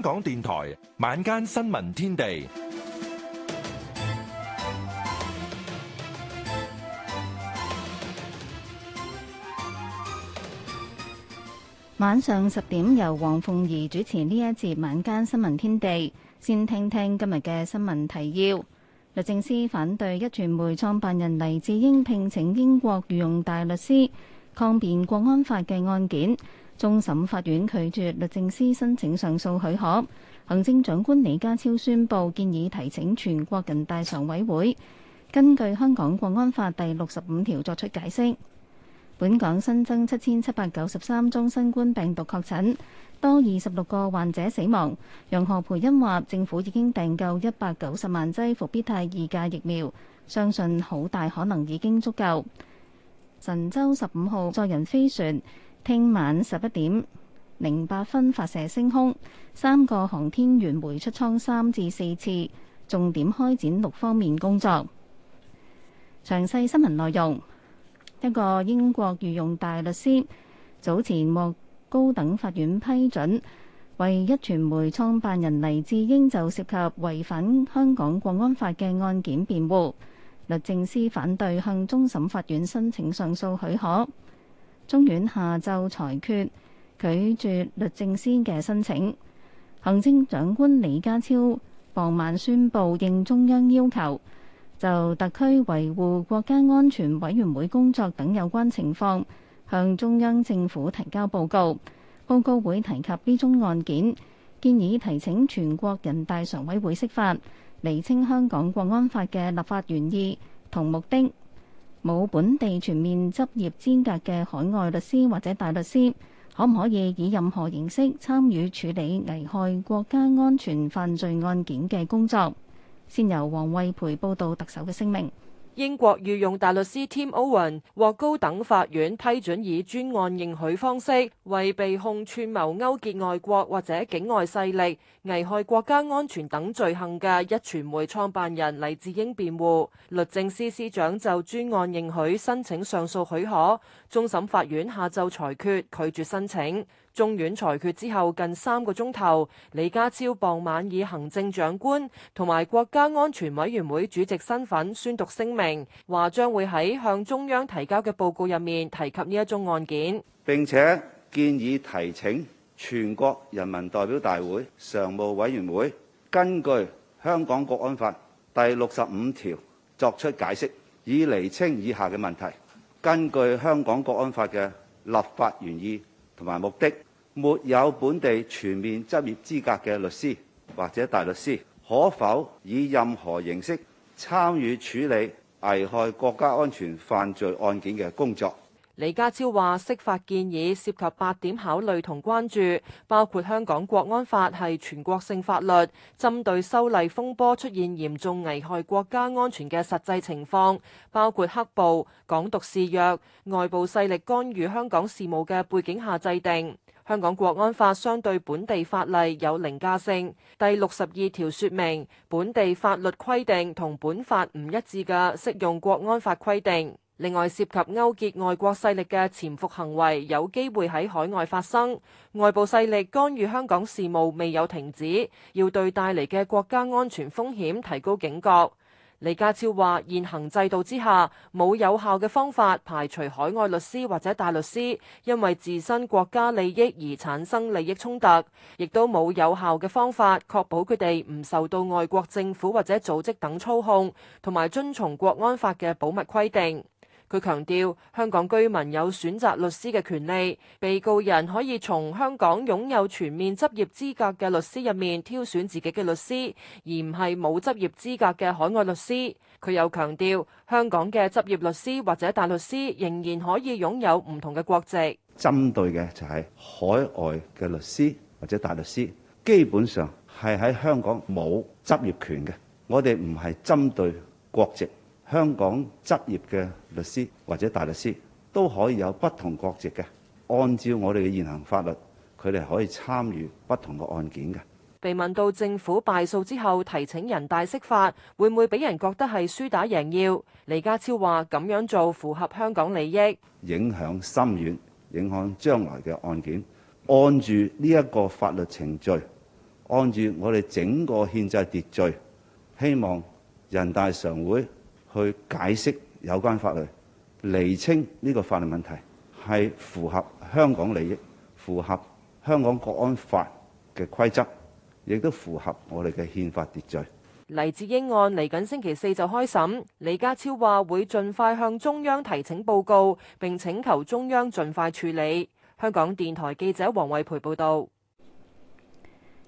香港電台晚間新聞天地，晚上十點由黃鳳儀主持呢一節晚間新聞天地，先聽聽今日嘅新聞提要。律政司反對一傳媒創辦人黎智英聘請英國御用大律師抗辯國安法嘅案件。終審法院拒絕律政司申請上訴許可，行政長官李家超宣布建議提請全國人大常委會根據《香港國安法》第六十五條作出解釋。本港新增七千七百九十三宗新冠病毒確診，多二十六個患者死亡。楊何蓓茵話：政府已經訂購一百九十萬劑復必泰二價疫苗，相信好大可能已經足夠。神舟十五號載人飛船，聽晚十一點零八分發射升空，三個航天員會出艙三至四次，重點開展六方面工作。詳細新聞內容：一個英國御用大律師早前獲高等法院批准，為一傳媒創辦人黎智英就涉及違反香港國安法嘅案件辯護。律政司反對向終審法院申請上訴許可。中院下晝裁決拒絕律政司嘅申請，行政長官李家超傍晚宣布應中央要求，就特區維護國家安全委員會工作等有關情況，向中央政府提交報告。報告會提及呢宗案件，建議提請全國人大常委會釋法，釐清香港《國安法》嘅立法原意同目的。冇本地全面執業資格嘅海外律師或者大律師，可唔可以以任何形式參與處理危害國家安全犯罪案件嘅工作？先由黃慧培報道特首嘅聲明。英國御用大律師 Tim Owen 獲高等法院批准以專案認許方式，為被控串謀勾結外國或者境外勢力、危害國家安全等罪行嘅壹傳媒創辦人黎智英辯護。律政司司長就專案認許申請上訴許可，終審法院下晝裁決拒絕申請。中院裁決之後近三個鐘頭，李家超傍晚以行政長官同埋國家安全委員會主席身份宣讀聲明，話將會喺向中央提交嘅報告入面提及呢一宗案件，並且建議提請全國人民代表大會常務委員會根據香港國安法第六十五條作出解釋，以厘清以下嘅問題：根據香港國安法嘅立法原意。同埋目的，沒有本地全面執業資格嘅律師或者大律師，可否以任何形式參與處理危害國家安全犯罪案件嘅工作？李家超話：釋法建議涉及八點考慮同關注，包括香港國安法係全國性法律，針對修例風波出現嚴重危害國家安全嘅實際情況，包括黑暴、港獨肆虐、外部勢力干預香港事務嘅背景下制定。香港國安法相對本地法例有凌駕性。第六十二條說明本地法律規定同本法唔一致嘅，適用國安法規定。另外，涉及勾結外國勢力嘅潛伏行為有機會喺海外發生；外部勢力干預香港事務未有停止，要對帶嚟嘅國家安全風險提高警覺。李家超話，現行制度之下，冇有效嘅方法排除海外律師或者大律師因為自身國家利益而產生利益衝突，亦都冇有效嘅方法確保佢哋唔受到外國政府或者組織等操控，同埋遵從國安法嘅保密規定。佢強調，香港居民有選擇律師嘅權利，被告人可以從香港擁有全面執業資格嘅律師入面挑選自己嘅律師，而唔係冇執業資格嘅海外律師。佢又強調，香港嘅執業律師或者大律師仍然可以擁有唔同嘅國籍。針對嘅就係海外嘅律師或者大律師，基本上係喺香港冇執業權嘅。我哋唔係針對國籍。香港執業嘅律師或者大律師都可以有不同國籍嘅，按照我哋嘅現行法律，佢哋可以參與不同嘅案件嘅。被問到政府敗訴之後提請人大釋法，會唔會俾人覺得係輸打贏要？李家超話：咁樣做符合香港利益，影響深遠，影響將來嘅案件。按住呢一個法律程序，按住我哋整個憲制秩序，希望人大常會。去解釋有關法律，釐清呢個法律問題係符合香港利益、符合香港國安法嘅規則，亦都符合我哋嘅憲法秩序。黎智英案嚟緊星期四就開審，李家超話會盡快向中央提請報告，並請求中央盡快處理。香港電台記者黃惠培報道。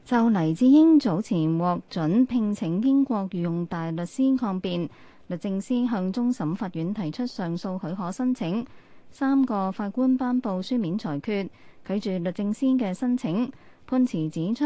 就黎智英早前獲准聘請英國御用大律師抗辯。律政司向終審法院提出上訴許可申請，三個法官頒布書面裁決，拒絕律政司嘅申請。判詞指出，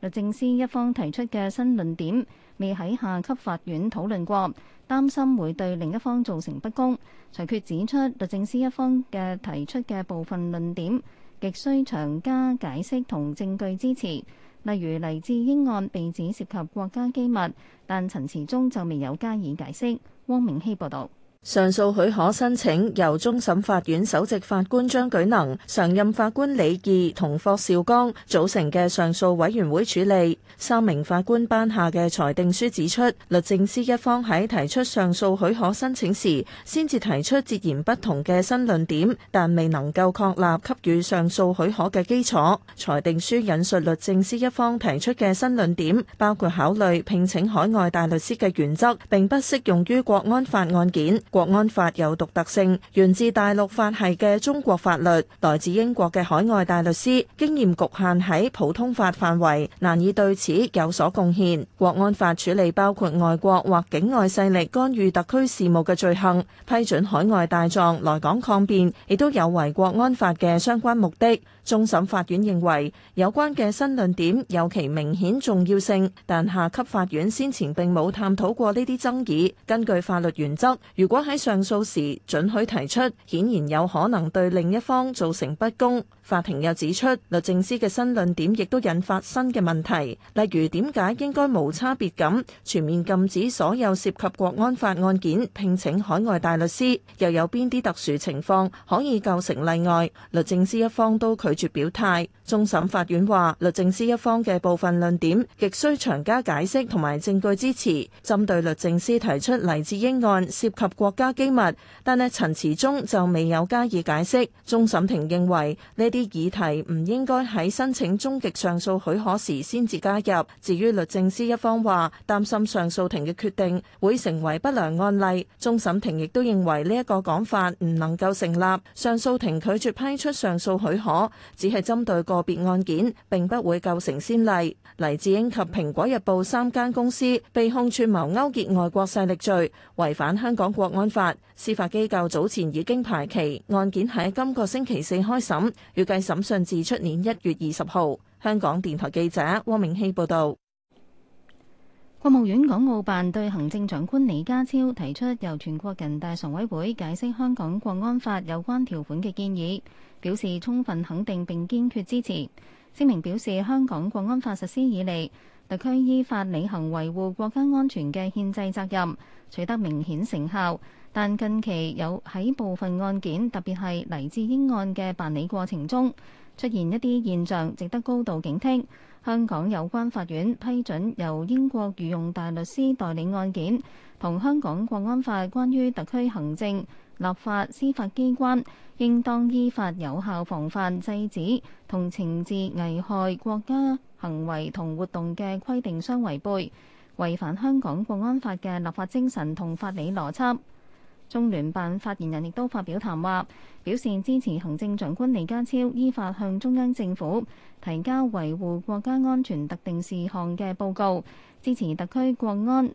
律政司一方提出嘅新論點未喺下級法院討論過，擔心會對另一方造成不公。裁決指出，律政司一方嘅提出嘅部分論點，極需長加解釋同證據支持。例如黎智英案被指涉及國家機密，但陳詞中就未有加以解釋，汪明希報導。上訴許可申請由終審法院首席法官張舉能、常任法官李義同霍兆剛組成嘅上訴委員會處理。三名法官頒下嘅裁定書指出，律政司一方喺提出上訴許可申請時先至提出截然不同嘅新論點，但未能夠確立給予上訴許可嘅基礎。裁定書引述律政司一方提出嘅新論點，包括考慮聘請海外大律師嘅原則，並不適用於國安法案件。國安法有獨特性，源自大陸法系嘅中國法律，來自英國嘅海外大律師，經驗局限喺普通法範圍，難以對此有所貢獻。國安法處理包括外國或境外勢力干預特區事務嘅罪行，批准海外大狀來港抗辯，亦都有違國安法嘅相關目的。終審法院認為，有關嘅新論點有其明顯重要性，但下級法院先前並冇探討過呢啲爭議。根據法律原則，如果喺上訴時准許提出，顯然有可能對另一方造成不公。法庭又指出，律政司嘅新論點亦都引發新嘅問題，例如點解應該無差別咁全面禁止所有涉及國安法案件聘請海外大律師，又有邊啲特殊情況可以構成例外？律政司一方都拒絕表態。終審法院話，律政司一方嘅部分論點極需長加解釋同埋證據支持。針對律政司提出黎智英案涉及國家機密，但係陳詞中就未有加以解釋，終審庭認為呢。啲議題唔應該喺申請終極上訴許可時先至加入。至於律政司一方話擔心上訴庭嘅決定會成為不良案例，終審庭亦都認為呢一個講法唔能夠成立。上訴庭拒絕批出上訴許可，只係針對個別案件，並不會構成先例。黎智英及蘋果日報三間公司被控串謀勾結外國勢力罪，違反香港國安法。司法機構早前已經排期案件喺今個星期四開審。預計審訊至出年一月二十號，香港電台記者汪明熙報道。國務院港澳辦對行政長官李家超提出由全國人大常委會解釋香港國安法有關條款嘅建議，表示充分肯定並堅決支持。聲明表示，香港國安法實施以嚟，特區依法履行維護國家安全嘅憲制責任，取得明顯成效。但近期有喺部分案件，特別係黎智英案嘅辦理過程中，出現一啲現象，值得高度警惕。香港有關法院批准由英國御用大律師代理案件，同香港國安法關於特區行政、立法、司法機關應當依法有效防範制止同懲治危害國家行為同活動嘅規定相違背，違反香港國安法嘅立法精神同法理邏輯。中聯辦發言人亦都發表談話，表示支持行政長官李家超依法向中央政府提交維護國家安全特定事項嘅報告，支持特區國安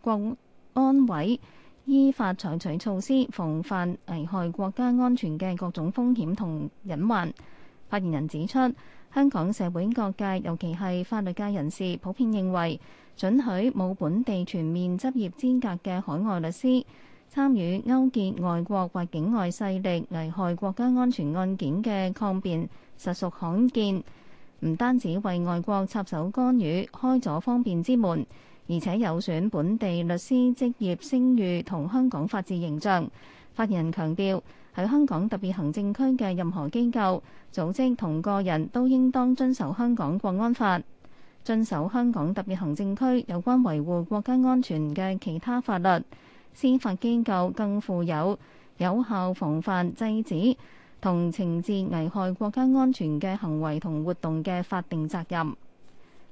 國安委依法採取措施，防範危害國家安全嘅各種風險同隱患。發言人指出，香港社會各界，尤其係法律界人士，普遍認為准許冇本地全面執業資格嘅海外律師，參與勾結外國或境外勢力危害國家安全案件嘅抗辯，實屬罕見。唔單止為外國插手干預開咗方便之門，而且有損本地律師職業聲譽同香港法治形象。發言人強調，喺香港特別行政區嘅任何機構、組織同個人都應當遵守香港國安法，遵守香港特別行政區有關維護國家安全嘅其他法律。司法機構更負有有效防範、制止同懲治危害國家安全嘅行為同活動嘅法定責任。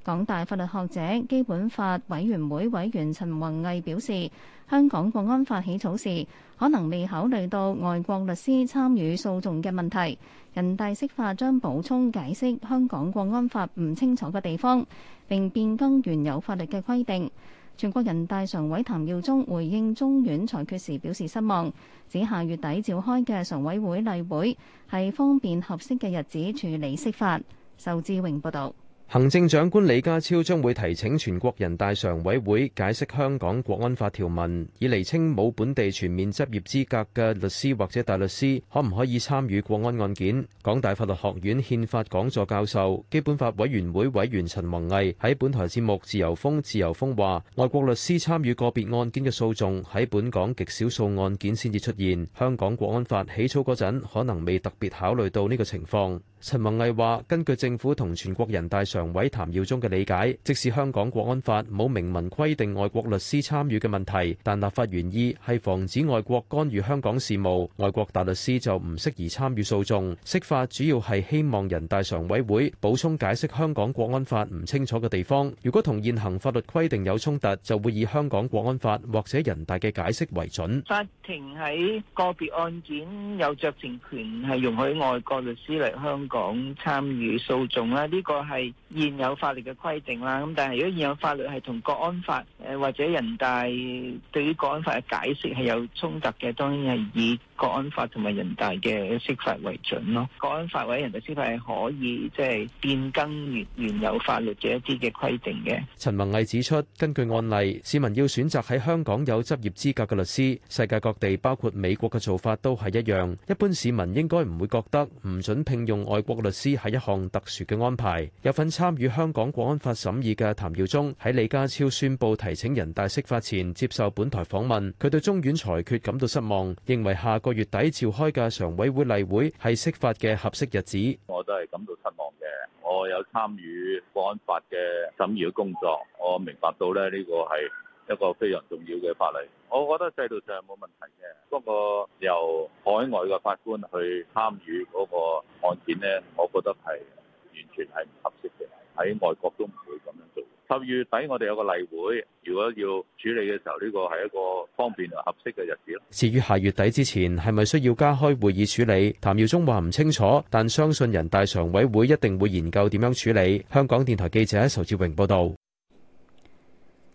港大法律學者、基本法委員會委員陳弘毅表示，香港國安法起草時可能未考慮到外國律師參與訴訟嘅問題。人大釋法將補充解釋香港國安法唔清楚嘅地方，並變更原有法律嘅規定。全國人大常委譚耀宗回應中院裁決時表示失望，指下月底召開嘅常委會例會係方便合適嘅日子處理釋法。仇志榮報道。行政長官李家超將會提請全國人大常委會解釋香港國安法條文，以釐清冇本地全面執業資格嘅律師或者大律師可唔可以參與國安案件。港大法律學院憲法講座教授、基本法委員會委員陳宏毅喺本台節目《自由風自由風》話，外國律師參與個別案件嘅訴訟喺本港極少數案件先至出現。香港國安法起草嗰陣可能未特別考慮到呢個情況。陳文藝話，根據政府同全國人大常委譚耀宗嘅理解，即使香港國安法冇明文規定外國律師參與嘅問題，但立法原意係防止外國干預香港事務，外國大律師就唔適宜參與訴訟。釋法主要係希望人大常委會補充解釋香港國安法唔清楚嘅地方，如果同現行法律規定有衝突，就會以香港國安法或者人大嘅解釋為準。法庭喺個別案件有酌情權，係容許外國律師嚟香。講參與訴訟啦，呢個係現有法律嘅規定啦。咁但係如果現有法律係同國安法誒，或者人大對於國安法嘅解釋係有衝突嘅，當然係以。《國安法》同埋人大嘅釋法為準咯，《國安法》委人大釋法係可以即係變更原原有法律嘅一啲嘅規定嘅。陳文義指出，根據案例，市民要選擇喺香港有執業資格嘅律師，世界各地包括美國嘅做法都係一樣。一般市民應該唔會覺得唔準聘用外國律師係一項特殊嘅安排。有份參與香港《國安法》審議嘅譚耀宗喺李家超宣布提請人大釋法前接受本台訪問，佢對中院裁決感到失望，認為下個。月底召開嘅常委會例會係釋法嘅合適日子，我都係感到失望嘅。我有參與國安法嘅審議工作，我明白到咧呢個係一個非常重要嘅法例。我覺得制度上冇問題嘅，不過由海外嘅法官去參與嗰個案件咧，我覺得係完全係唔合適嘅，喺外國都唔會咁樣。十月底我哋有個例會，如果要處理嘅時候，呢個係一個方便同合適嘅日子。至於下月底之前係咪需要加開會議處理，譚耀宗話唔清楚，但相信人大常委會一定會研究點樣處理。香港電台記者仇志榮報導。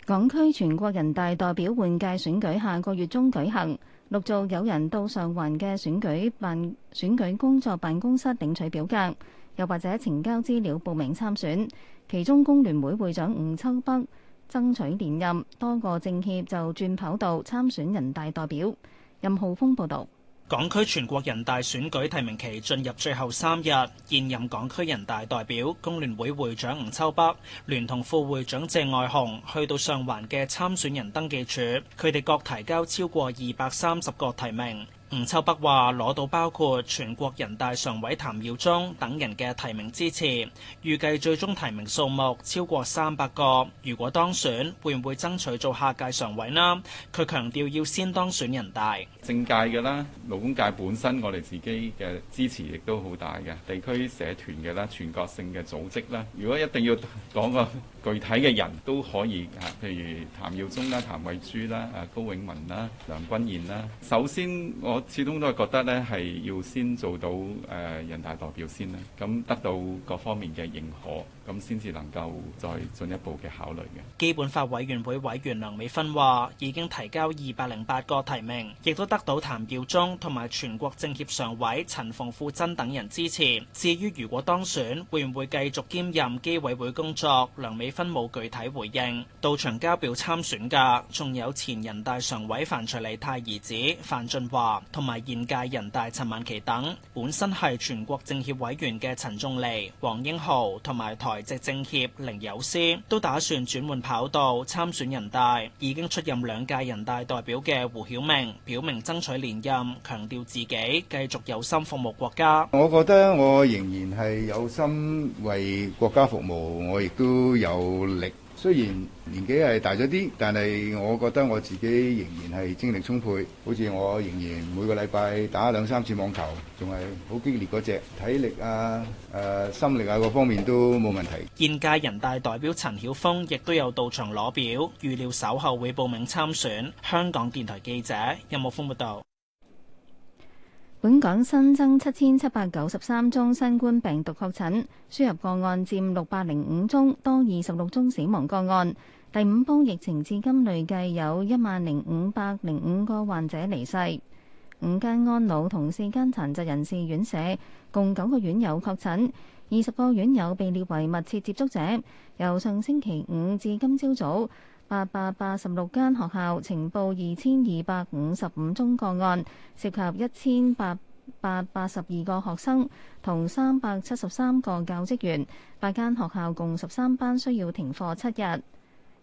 港區全國人大代表換屆選舉下個月中舉行，陸續有人到上環嘅選舉辦選舉工作辦公室領取表格。又或者呈交資料報名參選，其中工聯會會長吳秋北爭取連任，多個政協就轉跑道參選人大代表。任浩峰報導，港區全國人大選舉提名期進入最後三日，現任港區人大代表、工聯會會長吳秋北聯同副會長謝愛紅去到上環嘅參選人登記處，佢哋各提交超過二百三十個提名。吳秋北話攞到包括全國人大常委譚耀宗等人嘅提名支持，預計最終提名數目超過三百個。如果當選，會唔會爭取做下屆常委呢？佢強調要先當選人大政界嘅啦，勞工界本身我哋自己嘅支持亦都好大嘅，地區社團嘅啦，全國性嘅組織啦。如果一定要講個具體嘅人，都可以啊，譬如譚耀宗啦，譚慧珠啦，阿高永文啦，梁君彥啦。首先我。我始終都係覺得咧，係要先做到誒、呃、人大代表先啦，咁、嗯、得到各方面嘅認可。咁先至能夠再進一步嘅考慮嘅。基本法委員會委員梁美芬話：已經提交二百零八個提名，亦都得到譚耀宗同埋全國政協常委陳馮富珍等人支持。至於如果當選會唔會繼續兼任基委會工作，梁美芬冇具體回應。到場交表參選嘅仲有前人大常委范徐麗泰兒子范駿華，同埋現屆人大陳曼琪等。本身係全國政協委員嘅陳仲利、黃英豪同埋台。維直政協凌友詩都打算轉換跑道參選人大，已經出任兩屆人大代表嘅胡曉明表明爭取連任，強調自己繼續有心服務國家。我覺得我仍然係有心為國家服務，我亦都有力。雖然年紀係大咗啲，但係我覺得我自己仍然係精力充沛。好似我仍然每個禮拜打兩三次網球，仲係好激烈嗰隻體力啊、誒、啊、心力啊，各方面都冇問題。現屆人大代表陳曉峰亦都有到場攞表，預料稍後會報名參選。香港電台記者任武峯報道。本港新增七千七百九十三宗新冠病毒確診，輸入個案佔六百零五宗，多二十六宗死亡個案。第五波疫情至今累計有一萬零五百零五個患者離世。五間安老同四間殘疾人士院舍共九個院友確診，二十個院友被列為密切接觸者。由上星期五至今朝早、早。八百八十六間學校呈報二千二百五十五宗個案，涉及一千八百八十二個學生同三百七十三個教職員。八間學校共十三班需要停課七日。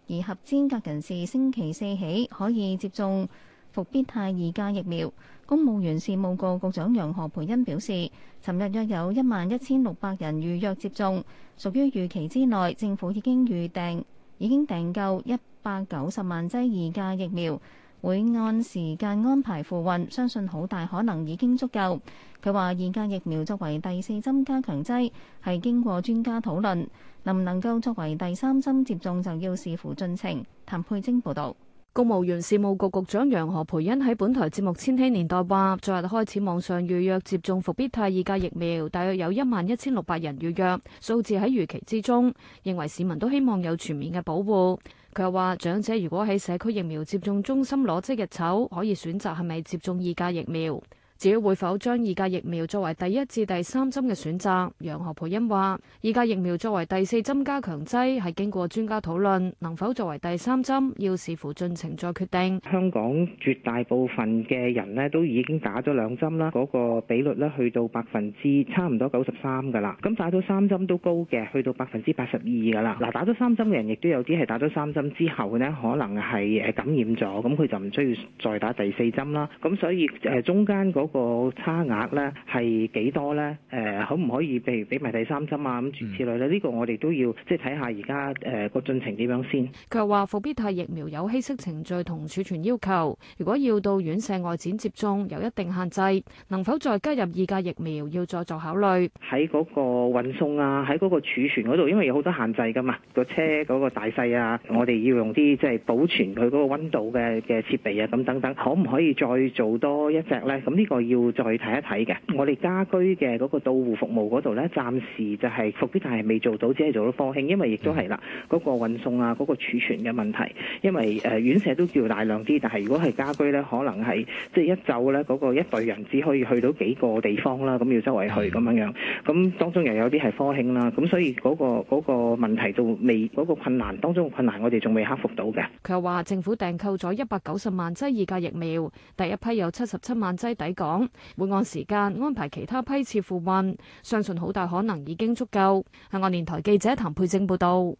而合資格人士星期四起可以接種復必泰二價疫苗。公務員事務局局局長楊何蓓茵表示，尋日約有一萬一千六百人預約接種，屬於預期之內。政府已經預訂。已經訂購一百九十萬劑二價疫苗，會按時間安排付運，相信好大可能已經足夠。佢話二價疫苗作為第四針加強劑，係經過專家討論，能唔能夠作為第三針接種就要視乎進程。譚佩晶報道。公務員事務局局長楊何蓓茵喺本台節目千禧年代話，昨日開始網上預約接種復必泰二價疫苗，大約有一萬一千六百人預約，數字喺預期之中。認為市民都希望有全面嘅保護。佢又話，長者如果喺社區疫苗接種中心攞即日籌，可以選擇係咪接種二價疫苗。至於會否將二價疫苗作為第一至第三針嘅選擇，楊何蓓茵話，二價疫苗作為第四針加強劑係經過專家討論，能否作為第三針要視乎進程再決定。香港絕大部分嘅人呢，都已經打咗兩針啦，嗰、那個比率呢，去到百分之差唔多九十三噶啦，咁打咗三針都高嘅，去到百分之八十二噶啦。嗱，打咗三針嘅人亦都有啲係打咗三針之後呢，可能係誒感染咗，咁佢就唔需要再打第四針啦。咁所以誒、呃、中間嗰、那個嗰個差額呢係幾多呢？誒，可唔可以譬如俾埋第三針啊？咁諸此類呢？呢個我哋都要即係睇下而家誒個進程點樣先。佢又話伏必泰疫苗有稀釋程序同儲存要求，如果要到院舍外展接種，有一定限制。能否再加入二價疫苗，要再作考慮。喺嗰個運送啊，喺嗰個儲存嗰度，因為有好多限制噶嘛，個車嗰個大細啊，我哋要用啲即係保存佢嗰個溫度嘅嘅設備啊，咁等等，可唔可以再做多一隻咧？咁呢個我要再睇一睇嘅，我哋家居嘅嗰個到戶服務嗰度咧，暫時就係復必泰，但係未做到，只係做到科興，因為亦都係啦，嗰個運送啊，嗰個儲存嘅問題，因為誒院舍都叫大量啲，但係如果係家居咧，可能係即係一週咧嗰個一隊人只可以去到幾個地方啦，咁要周圍去咁樣樣咁當中又有啲係科興啦，咁所以嗰個嗰個問題到未嗰個困難當中嘅困難我哋仲未克服到嘅。佢又話政府訂購咗一百九十萬劑二價疫苗，第一批有七十七萬劑抵港。講會按時間安排其他批次赴運，相信好大可能已經足夠。香港電台記者譚佩正報道。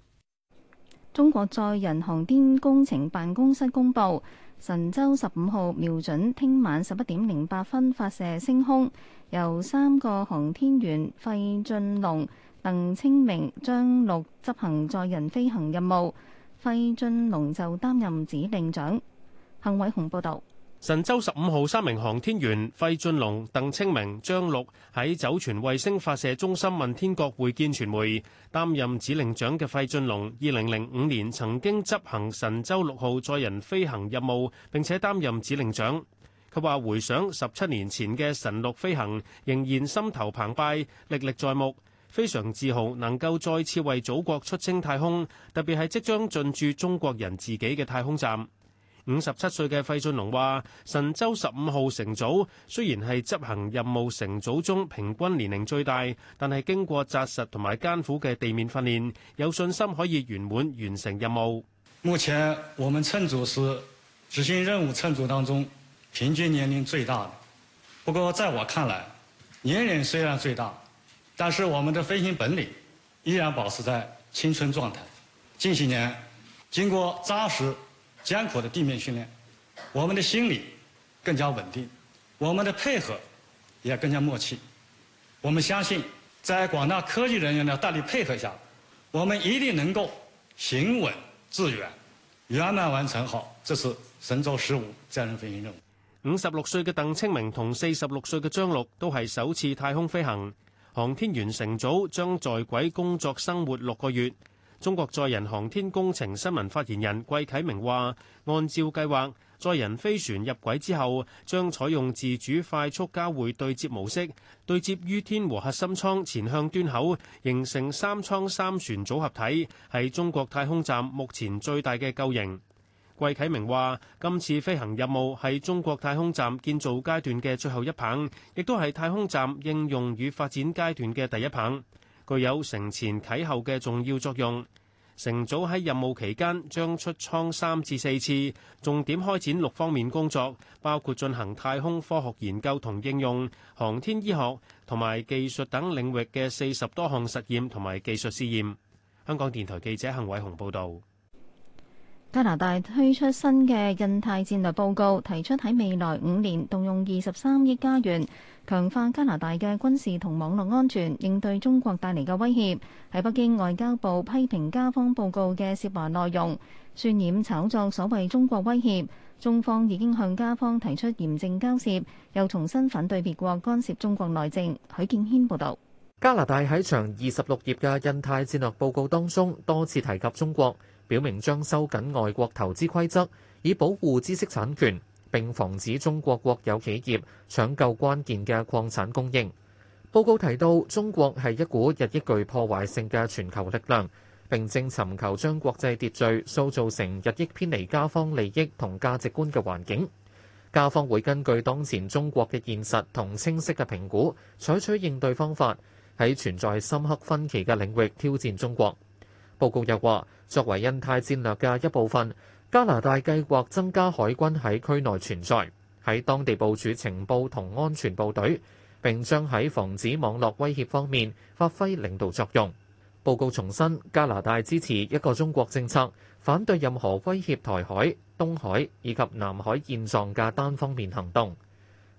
中國載人航天工程辦公室公布，神舟十五號瞄準聽晚十一點零八分發射升空，由三個航天員費俊龍、鄧清明、張陸執行載人飛行任務，費俊龍就擔任指令長。幸偉雄報道。神舟十五號三名航天員費俊龍、鄧清明、張陸喺酒泉衛星發射中心問天閣會見傳媒。擔任指令長嘅費俊龍，二零零五年曾經執行神舟六號載人飛行任務，並且擔任指令長。佢話：回想十七年前嘅神六飛行，仍然心頭澎湃，歷歷在目，非常自豪能夠再次為祖國出征太空，特別係即將進駐中國人自己嘅太空站。五十七歲嘅費俊龍話：神舟十五號乘組雖然係執行任務乘組中平均年齡最大，但係經過紮實同埋艱苦嘅地面訓練，有信心可以圓滿完成任務。目前我們乘組是執行任務乘組當中平均年齡最大的。不過在我看來，年齡雖然最大，但是我們的飛行本領依然保持在青春狀態。近些年經過紮實，艱苦的地面訓練，我們的心理更加穩定，我們的配合也更加默契。我們相信，在廣大科技人員的大力配合下，我們一定能夠行穩致遠，圓滿完成好這次神舟十五載人飛行任務。五十六歲嘅鄧清明同四十六歲嘅張陸都係首次太空飛行，航天員乘組將在軌工作生活六個月。中國載人航天工程新聞發言人季啟明話，按照計劃，載人飛船入軌之後，將採用自主快速交會對接模式，對接於天和核心艙前向端口，形成三艙三船組合體，係中國太空站目前最大嘅構型。季啟明話，今次飛行任務係中國太空站建造階段嘅最後一棒，亦都係太空站應用與發展階段嘅第一棒。具有承前啟後嘅重要作用。乘組喺任務期間將出艙三至四次，重點開展六方面工作，包括進行太空科學研究同應用、航天醫學同埋技術等領域嘅四十多項實驗同埋技術試驗，香港電台記者陳偉雄報道。加拿大推出新嘅印太戰略報告，提出喺未來五年動用二十三億加元，強化加拿大嘅軍事同網絡安全，應對中國帶嚟嘅威脅，喺北京外交部批評加方報告嘅涉華內容，渲染炒作所謂中國威脅，中方已經向加方提出嚴正交涉，又重新反對別國干涉中國內政。許敬軒報道，加拿大喺長二十六頁嘅印太戰略報告當中，多次提及中國。表明將收緊外國投資規則，以保護知識產權，並防止中國國有企業搶購關鍵嘅礦產供應。報告提到，中國係一股日益具破壞性嘅全球力量，並正尋求將國際秩序塑造成日益偏離加方利益同價值觀嘅環境。加方會根據當前中國嘅現實同清晰嘅評估，採取，取應對方法，喺存在深刻分歧嘅領域挑戰中國。報告又話，作為印太戰略嘅一部分，加拿大計劃增加海軍喺區內存在，喺當地部署情報同安全部隊，並將喺防止網絡威脅方面發揮領導作用。報告重申，加拿大支持一個中國政策，反對任何威脅台海、東海以及南海現狀嘅單方面行動。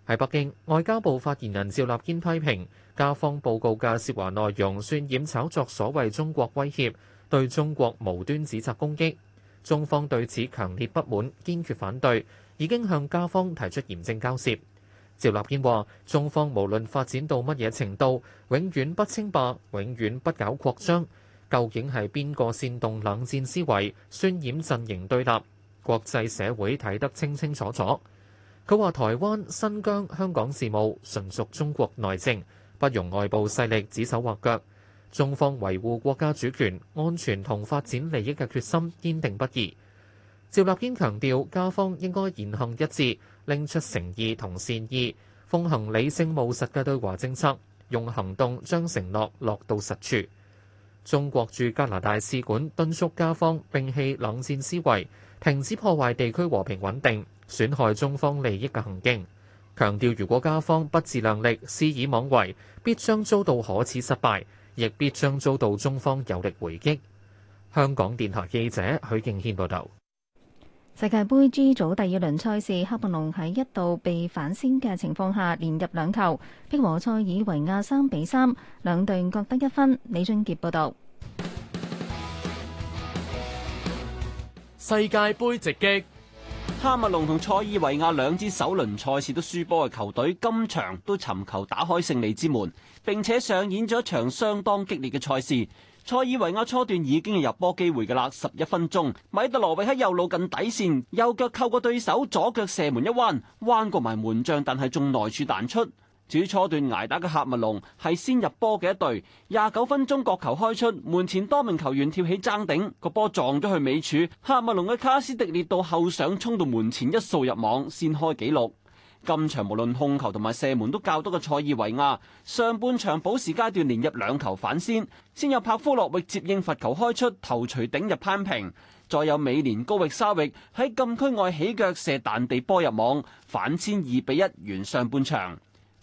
喺北京，外交部發言人趙立堅批評，加方報告嘅涉華內容渲染炒作所謂中國威脅，對中國無端指責攻擊，中方對此強烈不滿，堅決反對，已經向加方提出嚴正交涉。趙立堅話：中方無論發展到乜嘢程度，永遠不稱霸，永遠不搞擴張。究竟係邊個煽動冷戰思維，渲染陣營對立？國際社會睇得清清楚楚。佢話：台灣、新疆、香港事務純屬中國內政，不容外部勢力指手畫腳。中方維護國家主權、安全同發展利益嘅決心堅定不移。趙立堅強調，加方應該言行一致，拎出誠意同善意，奉行理性務實嘅對華政策，用行動將承諾落，落到實處。中國駐加拿大使館敦促加方摒棄冷戰思維，停止破壞地區和平穩定、損害中方利益嘅行徑，強調如果加方不自量力、肆意妄為，必將遭到可恥失敗。亦必將遭到中方有力回擊。香港電台記者許敬軒報道：世界杯 G 組第二輪賽事，喀麥隆喺一度被反先嘅情況下，連入兩球，逼和塞爾維亞三比三，兩隊各得一分。李俊杰報道。世界杯直擊。哈密隆同塞爾維亞兩支首輪賽事都輸波嘅球隊，今場都尋求打開勝利之門，並且上演咗一場相當激烈嘅賽事。塞爾維亞初段已經係入波機會㗎喇，十一分鐘，米特羅維喺右路近底線，右腳扣過對手，左腳射門一彎，彎過埋門將，但係仲內處彈出。至於初段捱打嘅哈密隆係先入波嘅一隊，廿九分鐘，角球開出，門前多名球員跳起爭頂，個波撞咗去尾柱。哈密隆嘅卡斯迪列度後上衝到門前一掃入網，先開紀錄。今場無論控球同埋射門都較多嘅塞爾維亞上半場補時階段連入兩球反先，先有帕夫洛域接應罰球開出，頭槌頂入攀平，再有美連高域沙域喺禁區外起腳射，彈地波入網，反先二比一完上半場。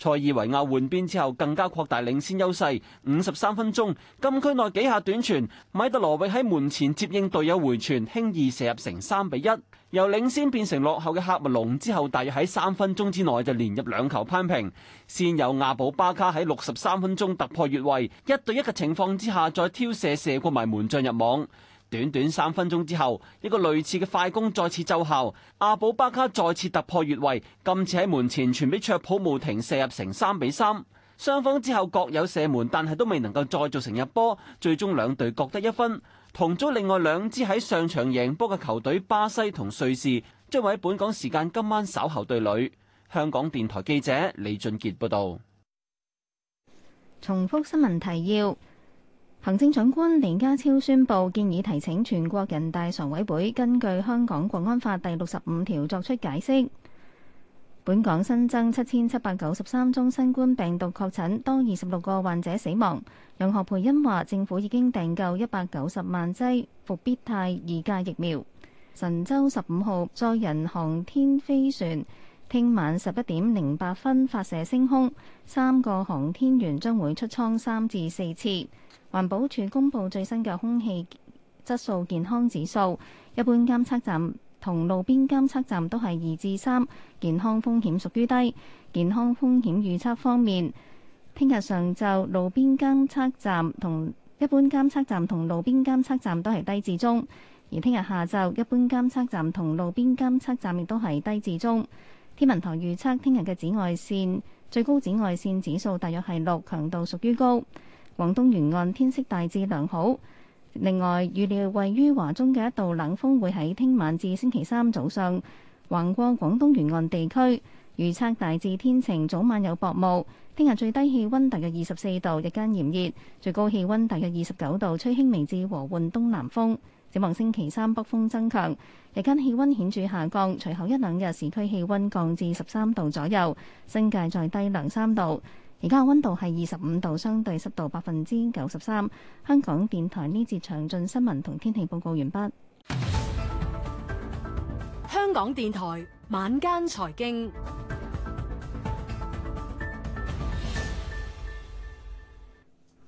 塞爾維亞換邊之後，更加擴大領先優勢。五十三分鐘禁區內幾下短傳，米特羅域喺門前接應隊友回傳，輕易射入成三比一。由領先變成落後嘅喀麥隆之後，大約喺三分鐘之內就連入兩球攀平。先由亞布巴卡喺六十三分鐘突破越位，一對一嘅情況之下再挑射射過埋門將入網。短短三分鐘之後，一個類似嘅快攻再次奏效，阿保巴卡再次突破越位，今次喺門前傳俾卓普慕廷射入，成三比三。雙方之後各有射門，但係都未能夠再做成入波。最終兩隊各得一分。同組另外兩支喺上場贏波嘅球隊巴西同瑞士，將會喺本港時間今晚稍後對壘。香港電台記者李俊杰報道。重複新聞提要。行政長官李家超宣布，建議提請全國人大常委會根據《香港國安法》第六十五條作出解釋。本港新增七千七百九十三宗新冠病毒確診，多二十六個患者死亡。楊何蓓茵話：政府已經訂購一百九十萬劑復必泰二價疫苗。神舟十五號載人航天飛船。聽晚十一點零八分發射升空，三個航天員將會出艙三至四次。環保署公布最新嘅空氣質素健康指數，一般監測站同路邊監測站都係二至三，健康風險屬於低。健康風險預測方面，聽日上晝路邊監測站同一般監測站同路邊監測站都係低至中，而聽日下晝一般監測站同路邊監測站亦都係低至中。天文台預測，聽日嘅紫外線最高紫外線指數大約係六，強度屬於高。廣東沿岸天色大致良好。另外預料位於華中嘅一道冷風會喺聽晚至星期三早上橫過廣東沿岸地區，預測大致天晴，早晚有薄霧。聽日最低氣温大約二十四度，日間炎熱，最高氣温大約二十九度，吹輕微至和緩東南風。展望星期三北風增強，日間氣温顯著下降，隨後一兩日市區氣温降至十三度左右，新界再低兩三度。而家嘅温度係二十五度，相對濕度百分之九十三。香港電台呢節詳盡新聞同天氣報告完畢。香港電台晚間財經，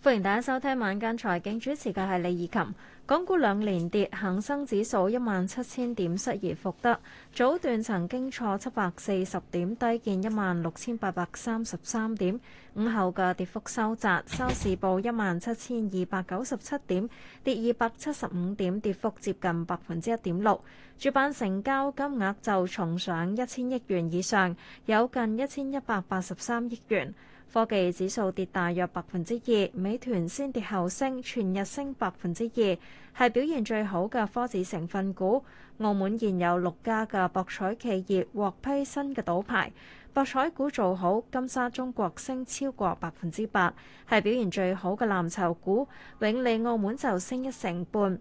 歡迎大家收聽晚間財經，主持嘅係李怡琴。港股兩連跌，恒生指數一萬七千點失而復得。早段曾經挫七百四十點，低見一萬六千八百三十三點。午後嘅跌幅收窄，收市報一萬七千二百九十七點，跌二百七十五點，跌幅接近百分之一點六。主板成交金額就重上一千億元以上，有近一千一百八十三億元。科技指數跌大約百分之二，美團先跌後升，全日升百分之二，係表現最好嘅科指成分股。澳門現有六家嘅博彩企業獲批新嘅賭牌，博彩股做好。金沙中國升超過百分之八，係表現最好嘅藍籌股。永利澳門就升一成半。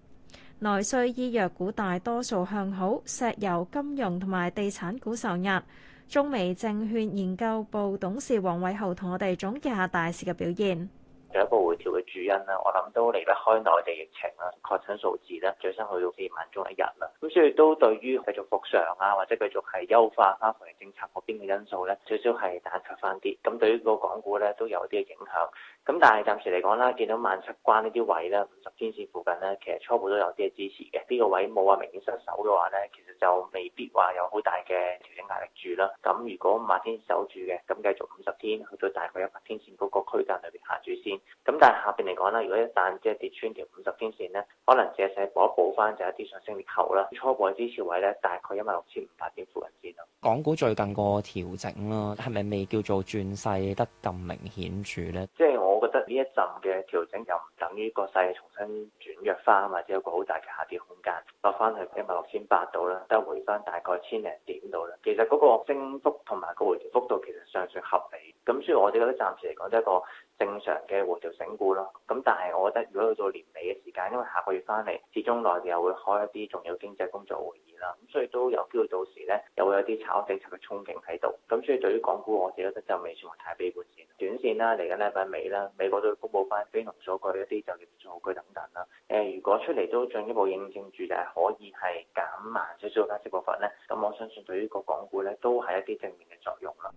內需醫藥股大多數向好，石油、金融同埋地產股受壓。中美證券研究部董事王偉豪同我哋總結下大市嘅表現。有一個回調嘅主因啦，我諗都離得開內地疫情啦，確診數字咧最新去到四萬宗一日啦，咁所以都對於繼續復常啊，或者繼續係優化翻防疫政策嗰邊嘅因素咧，少少係彈出翻啲，咁對於個港股咧都有啲嘅影響。咁但係暫時嚟講啦，見到萬七關呢啲位啦，五十天線附近咧，其實初步都有啲支持嘅。呢、這個位冇話明顯失守嘅話咧，其實就未必話有好大嘅調整壓力住啦。咁如果五十天守住嘅，咁繼續五十天去到大概一百天線嗰個區間裏邊行住先。咁但係下邊嚟講啦，如果一旦即係跌穿條五十天線咧，可能借勢補一補翻就一啲上升裂口啦。初步嘅支持位咧，大概一萬六千五百點附近先。港股最近個調整啦，啊，係咪未叫做轉勢得咁明顯住呢？即係我。覺得呢一陣嘅調整又唔等於個勢重新轉弱翻，或者有個好大嘅下跌空間落翻去一萬六千八度啦，得回翻大概千零點度啦。其實嗰個升幅同埋個回調幅度其實尚算合理，咁所以我哋覺得暫時嚟講都係一個。正常嘅回調整固咯，咁但係我覺得如果去到年尾嘅時間，因為下個月翻嚟，始終內地又會開一啲重要經濟工作會議啦，咁所以都有機會到時咧，又會有啲炒政策嘅憧憬喺度，咁所以對於港股我自己覺得就未算話太悲觀先，短線啦嚟緊禮拜尾啦，美國都會公佈翻非農數據一啲就業數據等等啦，誒、呃、如果出嚟都進一步認證住就係可以係減慢少少加息步伐咧，咁我相信對於個港股咧都係一啲正面嘅作用啦。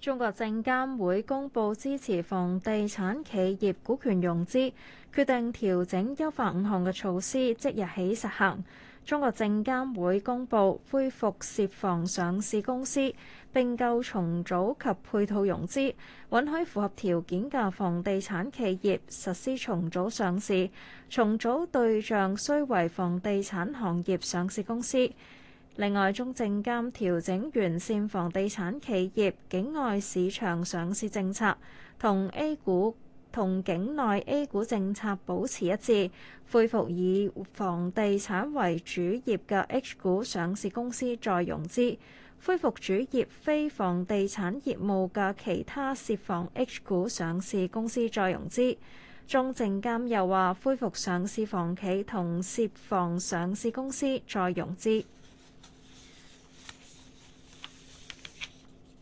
中國證監會公布支持房地產企業股權融資，決定調整優化五項嘅措施，即日起實行。中國證監會公布恢復涉房上市公司並購重組及配套融資，允許符合條件嘅房地產企業實施重組上市，重組對象須為房地產行業上市公司。另外，中證監調整完善房地產企業境外市場上市政策，同 A 股同境內 A 股政策保持一致，恢復以房地產為主業嘅 H 股上市公司再融資，恢復主業非房地產業務嘅其他涉房 H 股上市公司再融資，中證監又話恢復上市房企同涉房上市公司再融資。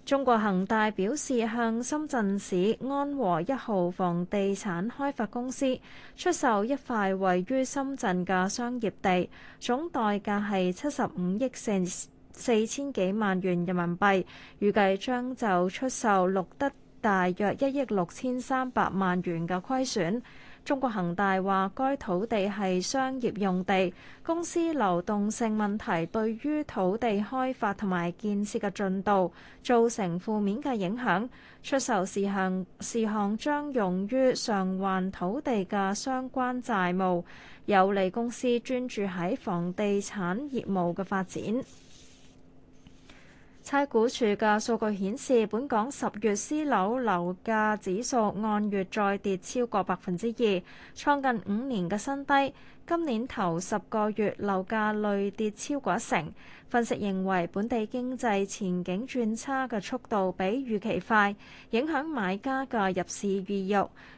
中國恒大表示向深圳市安和壹號房地產開發公司出售一塊位於深圳嘅商業地，總代價係七十五億四四千幾萬元人民幣，預計將就出售錄得大約一億六千三百萬元嘅虧損。中國恒大話，該土地係商業用地，公司流動性問題對於土地開發同埋建設嘅進度造成負面嘅影響。出售事項事項將用於償還土地嘅相關債務，有利公司專注喺房地產業務嘅發展。差估署嘅數據顯示，本港十月私樓樓價指數按月再跌超過百分之二，創近五年嘅新低。今年頭十個月樓價累跌超過一成。分析認為，本地經濟前景轉差嘅速度比預期快，影響買家嘅入市意欲，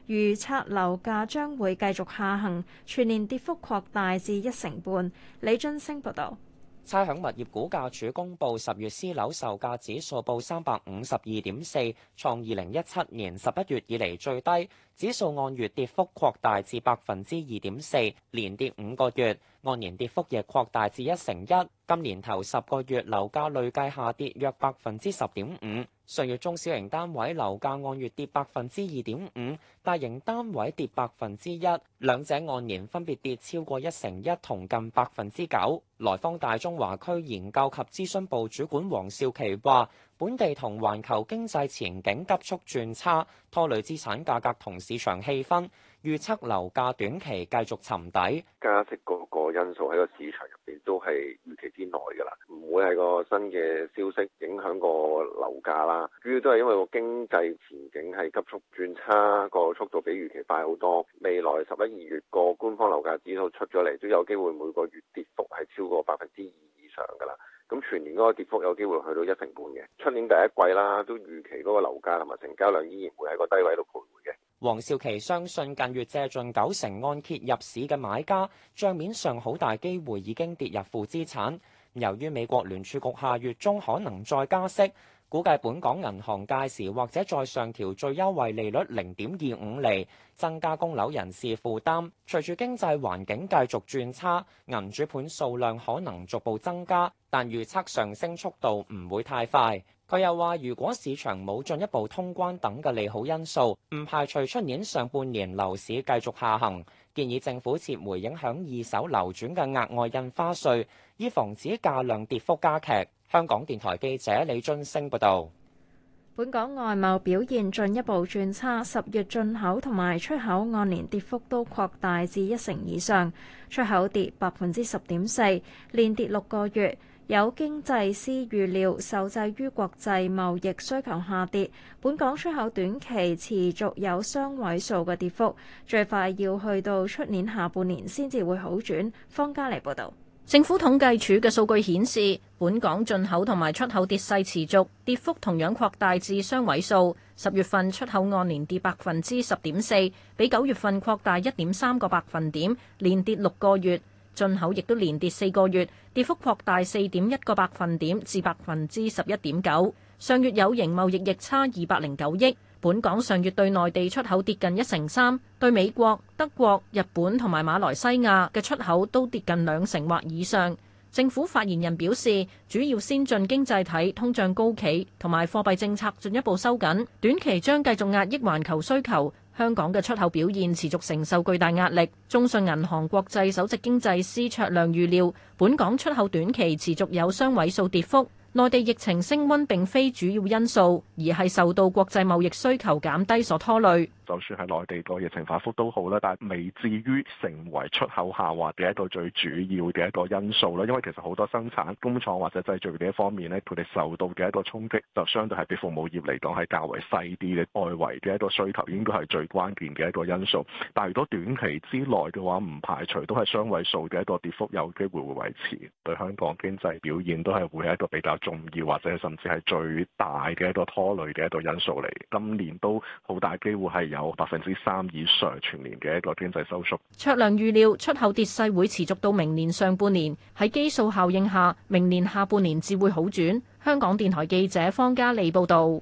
預測樓價將會繼續下行，全年跌幅擴大至一成半。李津升報道。差餉物業估價署公布十月私樓售價指數報三百五十二點四，創二零一七年十一月以來最低，指數按月跌幅擴大至百分之二點四，連跌五個月，按年跌幅亦擴大至一成一。今年頭十個月樓價累計下跌約百分之十點五。上月中小型單位樓價按月跌百分之二點五，大型單位跌百分之一，兩者按年分別跌超過一成一，同近百分之九。萊坊大中華區研究及諮詢部主管黃少琪話：本地同環球經濟前景急速轉差，拖累資產價格同市場氣氛。預測樓價短期繼續沉底，加息各個因素喺個市場入邊都係預期之內噶啦，唔會係個新嘅消息影響個樓價啦。主要都係因為個經濟前景係急速轉差，個速度比預期快好多。未來十一二月個官方樓價指數出咗嚟，都有機會每個月跌幅係超過百分之二以上噶啦。咁全年嗰個跌幅有機會去到一成半嘅。出年第一季啦，都預期嗰個樓價同埋成交量依然會喺個低位度盤。黃少祺相信近月借盡九成按揭入市嘅買家，帳面上好大機會已經跌入負資產。由於美國聯儲局下月中可能再加息，估計本港銀行屆時或者再上調最優惠利率零點二五厘，增加供樓人士負擔。隨住經濟環境繼續轉差，銀主盤數量可能逐步增加，但預測上升速度唔會太快。佢又話：如果市場冇進一步通關等嘅利好因素，唔排除出年上半年樓市繼續下行，建議政府撤回影響二手流轉嘅額外印花稅，以防止價量跌幅加劇。香港電台記者李津星報導。本港外貿表現進一步轉差，十月進口同埋出口按年跌幅都擴大至一成以上，出口跌百分之十點四，連跌六個月。有經濟師預料，受制於國際貿易需求下跌，本港出口短期持續有雙位數嘅跌幅，最快要去到出年下半年先至會好轉。方嘉莉報導，政府統計處嘅數據顯示，本港進口同埋出口跌勢持續，跌幅同樣擴大至雙位數。十月份出口按年跌百分之十點四，比九月份擴大一點三個百分點，連跌六個月。進口亦都連跌四個月，跌幅擴大四點一個百分點至百分之十一點九。上月有形貿易逆差二百零九億，本港上月對內地出口跌近一成三，對美國、德國、日本同埋馬來西亞嘅出口都跌近兩成或以上。政府發言人表示，主要先進經濟體通脹高企，同埋貨幣政策進一步收緊，短期將繼續壓抑環球需求。香港嘅出口表現持續承受巨大壓力。中信銀行國際首席經濟師卓亮預料，本港出口短期持續有雙位數跌幅。內地疫情升溫並非主要因素，而係受到國際貿易需求減低所拖累。就算係內地個疫情反覆都好啦，但係未至於成為出口下滑嘅一個最主要嘅一個因素啦。因為其實好多生產工廠或者製造嘅一方面呢，佢哋受到嘅一個衝擊就相對係比服務業嚟講係較為細啲嘅。外圍嘅一個需求應該係最關鍵嘅一個因素。但係如果短期之內嘅話，唔排除都係雙位數嘅一個跌幅，有機會會維持。對香港經濟表現都係會係一個比較重要或者甚至係最大嘅一個拖累嘅一個因素嚟。今年都好大機會係有百分之三以上全年嘅一個經濟收縮。卓亮預料出口跌勢會持續到明年上半年，喺基數效應下，明年下半年至會好轉。香港電台記者方嘉莉報道，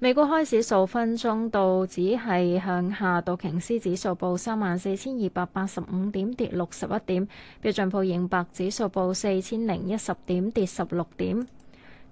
美股開市數分鐘，道指係向下，道瓊斯指數報三萬四千二百八十五點，跌六十一點，點；標準普爾指數報四千零一十點，跌十六點。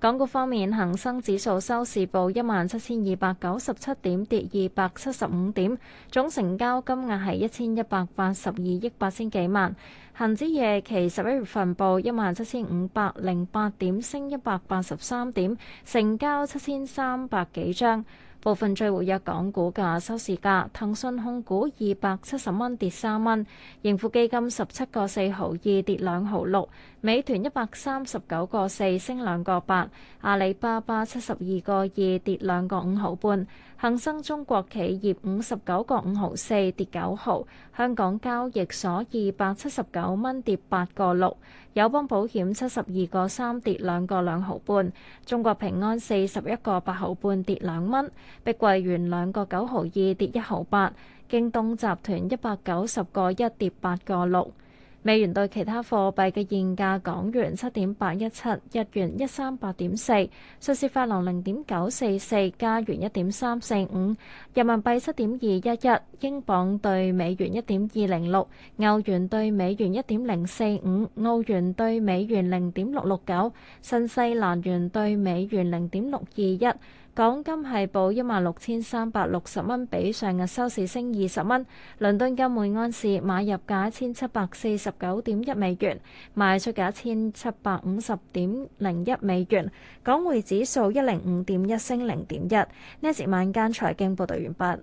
港股方面，恒生指數收市報一萬七千二百九十七點跌二百七十五點，總成交金額係一千一百八十二億八千幾萬，恒指夜期十一月份報一萬七千五百零八點升一百八十三點，成交七千三百幾張。部分最活躍港股嘅收市價：騰訊控股二百七十蚊跌三蚊，盈富基金十七個四毫二跌兩毫六，美團一百三十九個四升兩個八，阿里巴巴七十二個二跌兩個五毫半。恒生中國企業五十九個五毫四跌九毫，香港交易所二百七十九蚊跌八個六，友邦保險七十二個三跌兩個兩毫半，中國平安四十一個八毫半跌兩蚊，碧桂園兩個九毫二跌一毫八，京東集團一百九十個一跌八個六。美元兌其他貨幣嘅現價：港元七點八一七，日元一三八點四，瑞士法郎零點九四四，加元一點三四五，人民幣七點二一一，英鎊對美元一點二零六，歐元對美元一點零四五，澳元對美元零點六六九，新西蘭元對美元零點六二一。港金係報一萬六千三百六十蚊，比上日收市升二十蚊。倫敦金每安士買入價一千七百四十九點一美元，賣出價一千七百五十點零一美元。港匯指數一零五點一升零點一。呢一節晚間財經報道完畢。